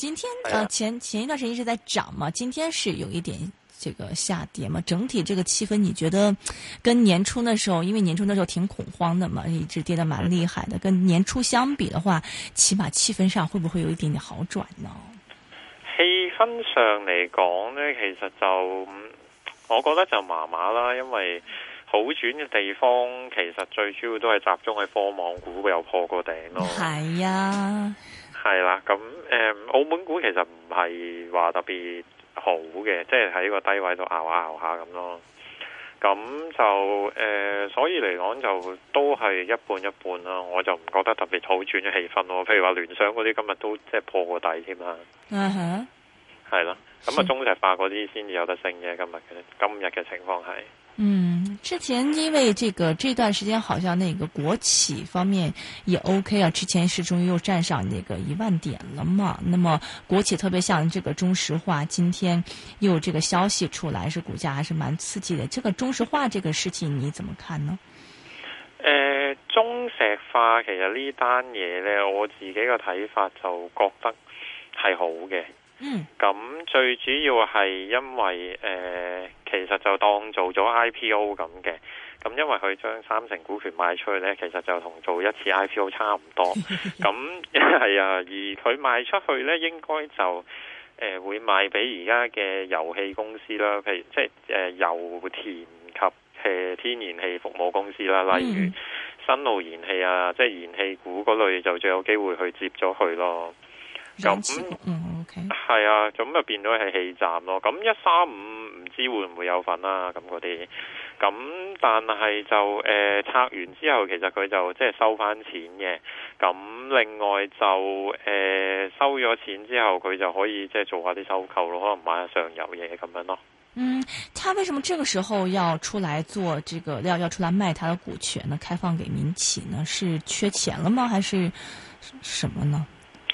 今天呃、啊啊、前前一段時間一直在漲嘛，今天是有一點這個下跌嘛。整體這個氣氛，你覺得跟年初的時候，因為年初的時候挺恐慌的嘛，一直跌得蠻厲害的。跟年初相比的話，起碼氣氛上會不會有一點點好轉呢？氣氛上嚟講呢，其實就我覺得就麻麻啦，因為好轉嘅地方其實最主要都係集中喺科網股有破過頂咯。係呀、啊。係啦，咁誒、嗯，澳門股其實唔係話特別好嘅，即係喺個低位度拗下拗下咁咯。咁就誒、呃，所以嚟講就都係一半一半啦。我就唔覺得特別好轉嘅氣氛咯。譬如話聯想嗰啲今日都即係破個底添啦。嗯哼，係啦，咁啊中石化嗰啲先至有得升嘅今日嘅，今日嘅情況係嗯。Mm. 之前因為這個這段時間好像那個國企方面也 OK 啊，之前是終於又站上那個一萬點了嘛。那麼國企特別像這個中石化，今天又這個消息出來，是股價還是蠻刺激的。這個中石化這個事情你怎麼看呢？誒、呃，中石化其實呢單嘢咧，我自己個睇法就覺得係好嘅。嗯，咁最主要係因為誒、呃，其實就當做咗 IPO 咁嘅，咁因為佢將三成股權賣出去呢，其實就同做一次 IPO 差唔多。咁係 啊，而佢賣出去呢，應該就誒、呃、會賣俾而家嘅油氣公司啦，譬如即係、呃、油田及、呃、天然氣服務公司啦， 例如新奧燃氣啊，即、就、係、是、燃氣股嗰類就最有機會接了去接咗佢咯。咁，嗯，OK，係啊，咁就變咗係氣站咯。咁一三五唔知會唔會有份啦，啊，咁嗰啲。咁但係就誒、呃、拆完之後，其實佢就即係收翻錢嘅。咁另外就誒、呃、收咗錢之後，佢就可以即係做下啲收購咯，可能買下上游嘢，咁樣咯。嗯，他為什麼這個時候要出來做這個，要要出來賣他的股權呢？開放給民企呢？是缺錢了嗎？還是什麼呢？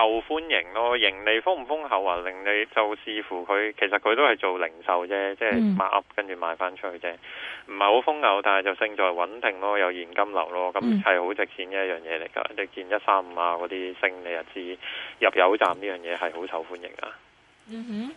受歡迎咯、哦，盈利豐唔豐厚啊？令你就視乎佢，其實佢都係做零售啫，即係買噏跟住賣翻出去啫，唔係好豐厚，但係就勝在穩定咯、哦，有現金流咯，咁係好值錢嘅一樣嘢嚟㗎。你見一三五啊，嗰啲升利日子，入油站呢樣嘢係好受歡迎啊。嗯哼、mm，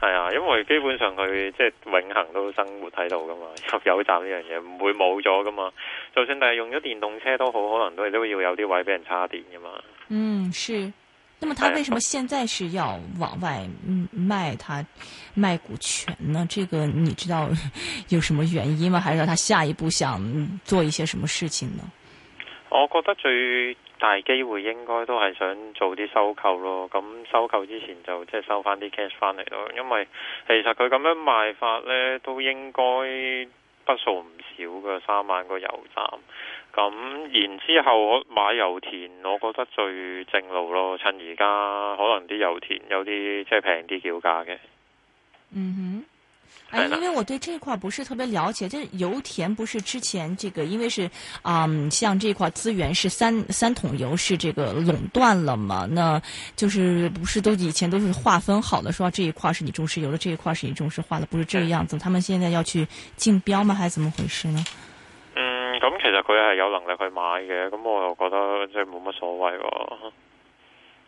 係、hmm. 啊，因為基本上佢即係永恆都生活喺度㗎嘛，入油站呢樣嘢唔會冇咗㗎嘛。就算但係用咗電動車都好，可能都都要有啲位俾人叉電㗎嘛。Mm hmm. 嗯，那麼他為什麼現在是要往外賣他賣股權呢？這個你知道有什麼原因嗎？還是說他下一步想做一些什麼事情呢？我覺得最大機會應該都係想做啲收購咯。咁收購之前就即係收翻啲 cash 翻嚟咯。因為其實佢咁樣賣法咧都應該。筆數唔少嘅三萬個油站，咁然之後我買油田，我覺得最正路咯。趁而家可能啲油田有啲即係平啲叫價嘅。就是、嗯哼。哎，因為我對這塊不是特別了解，就是油田不是之前這個，因為是，嗯，像這塊資源是三三桶油是這個壟斷了嘛。那就是不是都以前都是劃分好的，說這一塊是你中石油的，這一塊是你中石化的，不是這個樣子？嗯，他們現在要去競標嗎？還是怎麼回事呢？嗯，咁，嗯，其實佢係有能力去買嘅，咁我又覺得即係冇乜所謂咯。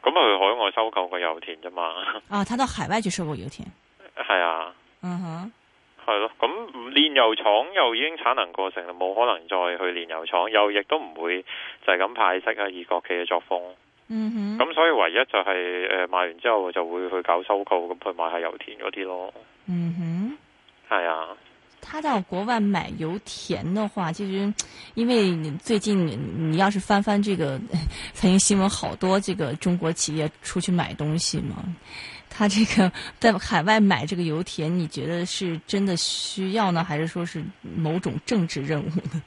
咁佢去海外收購個油田啫嘛。啊，他到海外去收購油田？係啊。嗯哼，係咯，uh，咁、huh. 煉油廠又已經產能過剩啦，冇可能再去煉油廠，又亦都唔會就係咁派息啊，二國企嘅作風。嗯哼、uh，咁、huh. 所以唯一就係誒賣完之後就會去搞收購，咁去買下油田嗰啲咯。嗯哼、uh，係、huh. 啊。他到國外買油田的話，其、就、實、是、因為最近你要是翻翻這個財經新聞，好多這個中國企業出去買東西嘛。他這個在海外買這個油田，你覺得是真的需要呢，還是說是某種政治任務呢？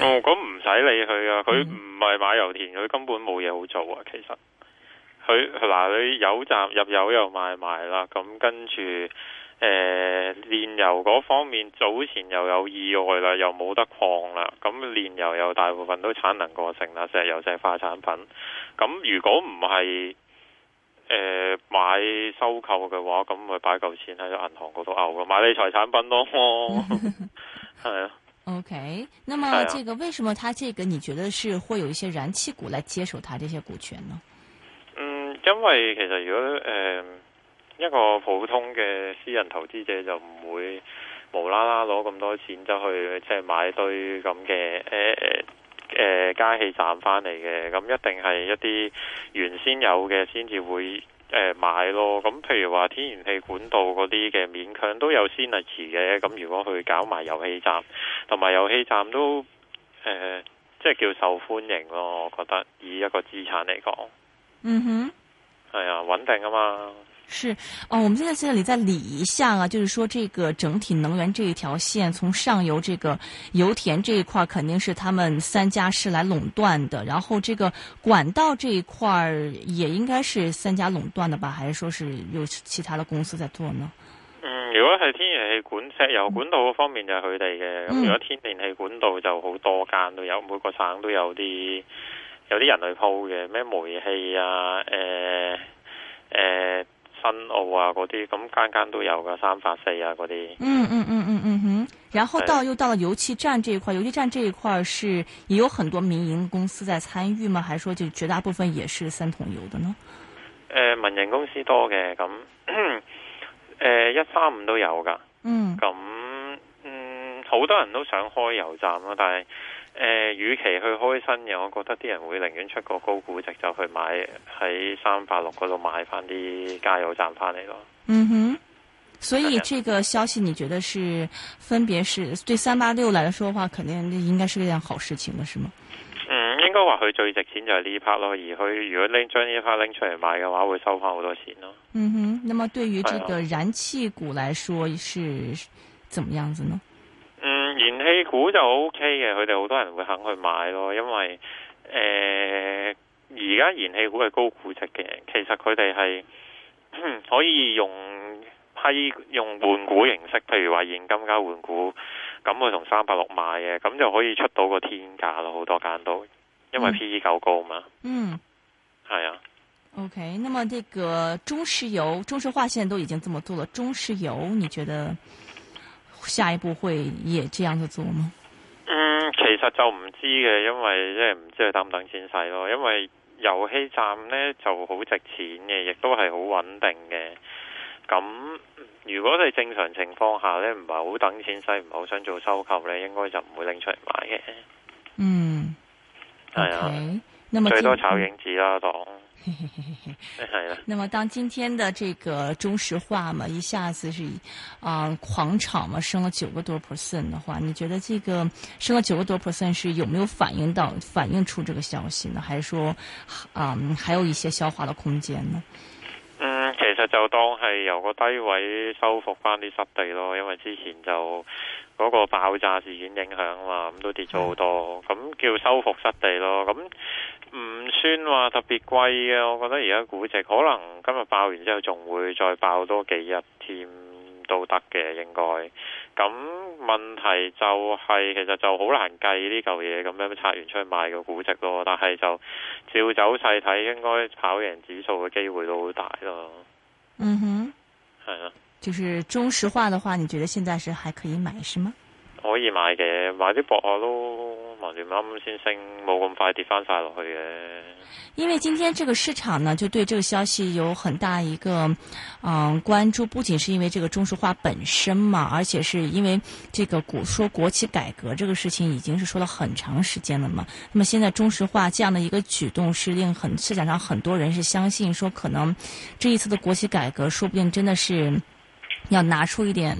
哦，咁唔使理佢啊，佢唔係買油田，佢、嗯、根本冇嘢好做啊。其實佢嗱，你油站入油又買賣埋啦，咁跟住誒煉油嗰方面，早前又有意外啦，又冇得礦啦，咁煉油又大部分都產能過剩啦，石油、石化產品，咁如果唔係。誒、呃，買收購嘅話，咁咪擺嚿錢喺銀行嗰度漚咯，買理財產品咯，係 啊。O、okay. K，那麼這個、啊、為什麼他這個你覺得是會有一些燃氣股來接手他這些股權呢？嗯，因為其實如果誒、呃、一個普通嘅私人投資者就唔會無啦啦攞咁多錢就去即係買堆咁嘅誒。呃呃誒、呃，加氣站返嚟嘅，咁一定係一啲原先有嘅，先至會誒買咯。咁譬如話天然氣管道嗰啲嘅，勉強都有 synergy 嘅。咁如果佢搞埋油氣站，同埋油氣站都、呃、即係叫受歡迎咯。我覺得以一個資產嚟講，嗯哼、mm，係、hmm. 啊，穩定啊嘛。是，哦，我們現在在這裏再理一下啊，就是說這個整體能源這一條線，從上游這個油田這一塊，肯定是他們三家是來壟斷的。然後這個管道這一塊也應該是三家壟斷的吧？還是說是有其他的公司在做呢？嗯，如果係天然氣管、石油管道嗰方面就係佢哋嘅。嗯。如果天然氣管道就好多間都有，每個省都有啲有啲人去鋪嘅，咩煤氣啊，誒、呃、誒。呃新澳啊，嗰啲咁間間都有噶三發四啊，嗰啲、嗯。嗯嗯嗯嗯嗯哼，然後到又到了油氣站這一塊，油氣站這一塊是也有很多民營公司在參與嗎？還是說就絕大部分也是三桶油的呢？誒、呃，民營公司多嘅咁，誒一三五都有噶、嗯，嗯，咁嗯好多人都想開油站咯，但係。誒，呃、與其去開新嘅，我覺得啲人會寧願出個高估值就去買喺三八六嗰度買翻啲加油站翻嚟咯。嗯哼，所以這個消息你覺得是分別是對三八六來講說的話，肯定應該是一件好事情啦，是嗎？嗯，應該話佢最值錢就係呢 part 咯，而佢如果拎將呢 part 拎出嚟賣嘅話，會收翻好多錢咯。嗯哼，那麼對於這個燃氣股來說，咯是怎麼樣子呢？燃氣股就 O K 嘅，佢哋好多人會肯去買咯，因為誒而家燃氣股係高估值嘅，其實佢哋係可以用批用換股形式，譬如話現金加換股咁去同三百六買嘅，咁就可以出到個天價咯，好多間都因為 P E 夠高嘛。嗯，係啊。OK，那麼呢個中石油、中石化現在都已經這麼做了，中石油你覺得？下一步會也這樣子做嗎？嗯，其實就唔知嘅，因為即係唔知佢等唔等錢使咯。因為遊戲站呢就好值錢嘅，亦都係好穩定嘅。咁如果係正常情況下呢，唔係好等錢使，唔係好想做收購呢，應該就唔會拎出嚟買嘅。嗯，係、okay、啊，最多的炒影子啦檔。當係啦。 的那麼當今天的這個中石化嘛，一下子是，啊、呃，狂炒嘛，升了九個多 percent 的話，你覺得這個升了九個多 percent 是有沒有反映到反映出這個消息呢？還是說，啊、呃，還有一些消化的空間呢？嗯，其實就當係由個低位收復翻啲失地咯，因為之前就嗰個爆炸事件影響嘛，咁都跌咗好多，咁、嗯、叫收復失地咯，咁，嗯。算話特別貴嘅，我覺得而家估值，可能今日爆完之後仲會再爆多幾日添都得嘅應該。咁問題就係、是、其實就好難計呢嚿嘢咁樣拆完出去賣個估值咯。但係就照走勢睇，應該跑贏指數嘅機會都好大咯。嗯哼，係啊。就是中石化嘅話，你覺得現在是還可以買是嗎？可以買嘅，買啲博下咯。啱啱先升，冇咁快跌翻晒落去嘅。因為今天這個市場呢，就對這個消息有很大一個嗯、呃、關注，不僅是因為這個中石化本身嘛，而且是因為這個國說國企改革這個事情已經是說了很長時間了嘛。那麼現在中石化這樣的一個舉動，是令很市場上很多人是相信說，可能這一次的國企改革，說不定真的是。要拿出一點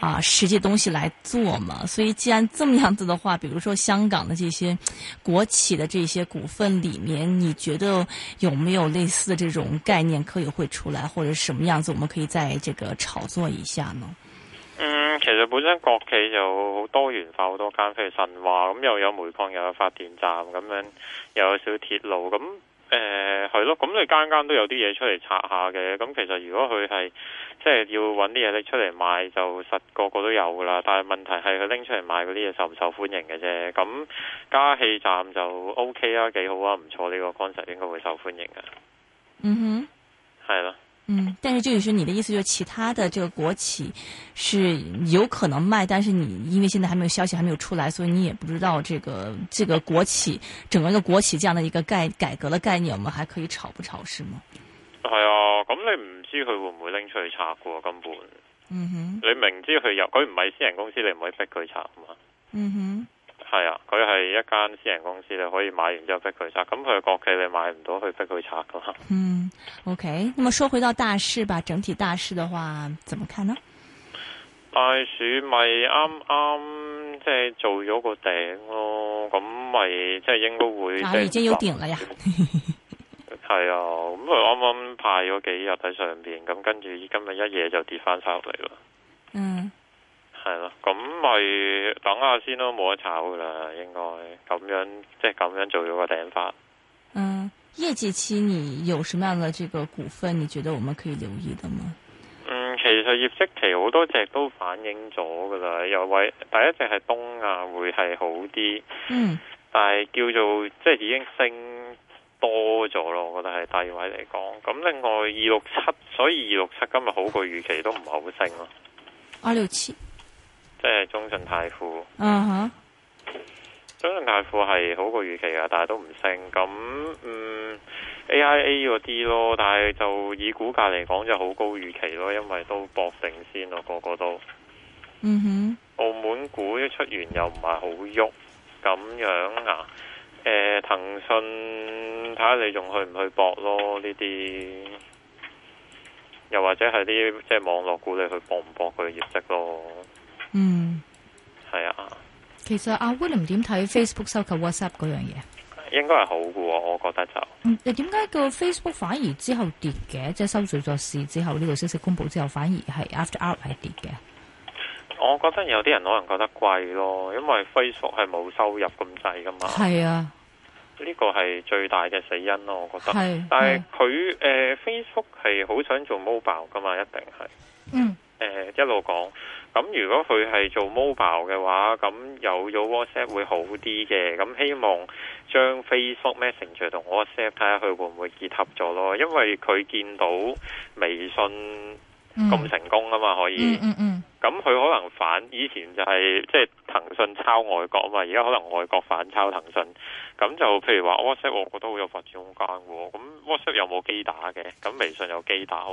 啊、呃、實際東西來做嘛，所以既然這麼樣子的話，比如說香港的這些國企的這些股份裏面，你覺得有沒有類似的這種概念可以會出來，或者什麼樣子我們可以再這個炒作一下呢？嗯，其實本身國企就好多元化好多間，譬如神華咁、嗯、又有煤礦，又有發電站，咁樣又有小鐵路咁。誒，係咯，嗯，咁你間間都有啲嘢出嚟拆下嘅，咁其實如果佢係即係要揾啲嘢拎出嚟賣，就實個個都有噶啦。但係問題係佢拎出嚟賣嗰啲嘢受唔受歡迎嘅啫。咁加氣站就 OK 啊，幾好啊，唔錯，呢個 concept 應該會受歡迎啊。嗯哼，係咯。嗯，但是就是你的意思，就是其他的這個國企是有可能賣，但是你因為現在還沒有消息還沒有出來，所以你也不知道這個這個國企整個一個國企這樣的一個概改革的概念，我們還可以炒不炒，是嗎？係啊，咁你唔知佢會唔會拎出去拆過，根本。嗯哼。你明知佢有，佢唔係私人公司，你唔可以逼佢拆係嘛？嗯哼。係啊，佢係一間私人公司，你可以買完之後逼佢拆。咁佢國企你買唔到，佢逼佢去逼佢拆噶嘛？嗯，OK。咁麼說回到大市吧，整體大市嘅話，怎麼看呢？大市咪啱啱即係做咗個頂咯，咁咪即係應該會。啊，已經有頂了呀。係 啊，咁佢啱啱派咗幾日喺上邊，咁跟住今日一夜就跌翻曬落嚟咯。嗯。係咯，咁咪等下先咯，冇得炒噶啦。應該咁樣，即係咁樣做咗個訂法。嗯，業績期你有什麼樣的個股份？你覺得我們可以留意的嗎？嗯，其實業績期好多隻都反映咗噶啦。有位第一隻係東亞會係好啲，嗯，但係叫做即係已經升多咗咯。我覺得係低位嚟講，咁另外二六七,二六七，所以二六七今日好過預期都唔係好升咯。二六七。即係中信泰富。嗯哼、uh，huh. 中信泰富係好過預期啊，但係都唔升。咁嗯，A I A 嗰啲咯，但係就以股價嚟講就好高預期咯，因為都搏定先咯，個個都。嗯哼、uh。Huh. 澳門股一出完又唔係好喐，咁樣啊？誒、呃，騰訊，睇下你仲去唔去搏咯？呢啲，又或者係啲即係網絡股，你去搏唔搏佢嘅業績咯？嗯，係啊。其實阿 William 點睇 Facebook 收購 WhatsApp 嗰樣嘢？應該係好嘅、啊，我覺得就。誒、嗯，點解個 Facebook 反而之後跌嘅？即、就、係、是、收咗咗市之後，呢、這個消息公布之後，反而係 after hour 係跌嘅。我覺得有啲人可能覺得貴咯，因為 Facebook 係冇收入咁滯噶嘛。係啊，呢個係最大嘅死因咯、啊。我覺得係，是但係佢、嗯呃、Facebook 係好想做 mobile 噶嘛，一定係。嗯。呃、一路講。咁如果佢係做 mobile 嘅話，咁有咗 WhatsApp 會好啲嘅。咁希望將 Facebook Messenger 同 WhatsApp 睇下佢會唔會結合咗咯？因為佢見到微信咁成功啊嘛，嗯、可以。嗯嗯咁佢、嗯、可能反以前就係即係。就係信抄外國啊嘛，而家可能外國反抄騰訊，咁就譬如話 WhatsApp，我覺得會有發展空間。咁 WhatsApp 有冇機打嘅？咁微信有機打，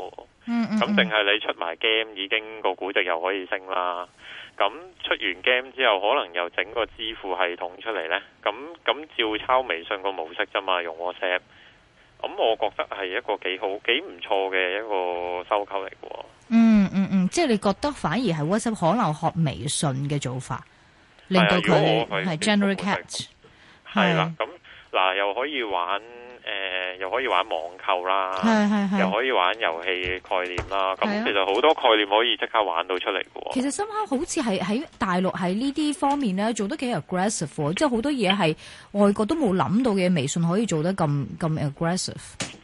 嗯，咁淨係你出埋 game 已經個估值又可以升啦。咁出完 game 之後，可能又整個支付系統出嚟呢。咁咁照抄微信個模式啫嘛，用 WhatsApp。咁我覺得係一個幾好、幾唔錯嘅一個收購嚟嘅。嗯嗯嗯，即係你覺得反而係 WhatsApp 可能學微信嘅做法。令到佢係 general catch，係啦。咁嗱，又可以玩誒、呃，又可以玩網購啦，係，又可以玩遊戲概念啦。咁的其實好多概念可以即刻玩到出嚟嘅喎。其實深刻好似係喺大陸喺呢啲方面咧，做得幾 aggressive，即係好多嘢係外國都冇諗到嘅，微信可以做得咁咁 aggressive。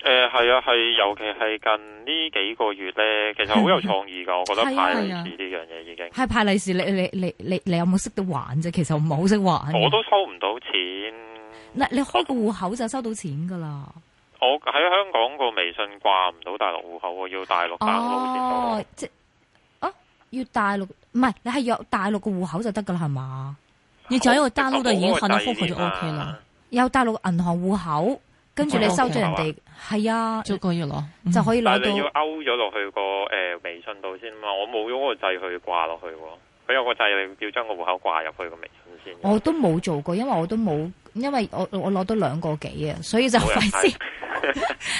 誒，係、呃、啊，係，尤其係近呢幾個月咧，其實好有創意噶， 我覺得派利是呢樣嘢已經係、啊啊、派利是，你你你你你有冇識得玩啫？其實我唔係好識玩，我都收唔到錢。嗱，你開個戶口就收到錢噶啦。我喺香港個微信掛唔到大陸戶口喎，要大陸大陸、啊、即啊，要大陸唔係你係要大陸嘅戶口就得噶啦，係嘛？要有好一個大陸嘅銀行嘅戶口就 O K 啦，有大陸銀銀行戶口。跟住你收咗人哋，係啊，做個月攞就可以攞到。你要勾咗落去個誒微信度先嘛？我冇咗個掣去掛落去，佢有個掣要將個戶口掛入去個微信先。我都冇做過，因為我都冇，因為我我攞到兩個幾啊，所以就費事。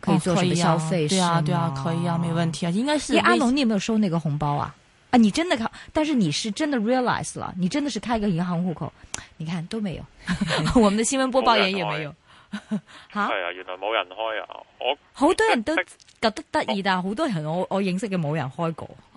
可以做什麼消費，對啊，對啊，可以啊，沒問題啊，應該是、欸。阿龍，你有沒有收那個紅包啊？啊，你真的看但是你是真的 realize 了，你真的是開一個銀行戶口，你看都沒有，我們的新聞播報員也沒有。哈。係啊，原來冇人開啊，我好 多人都覺得得意，但好多人我我認識嘅冇人開過。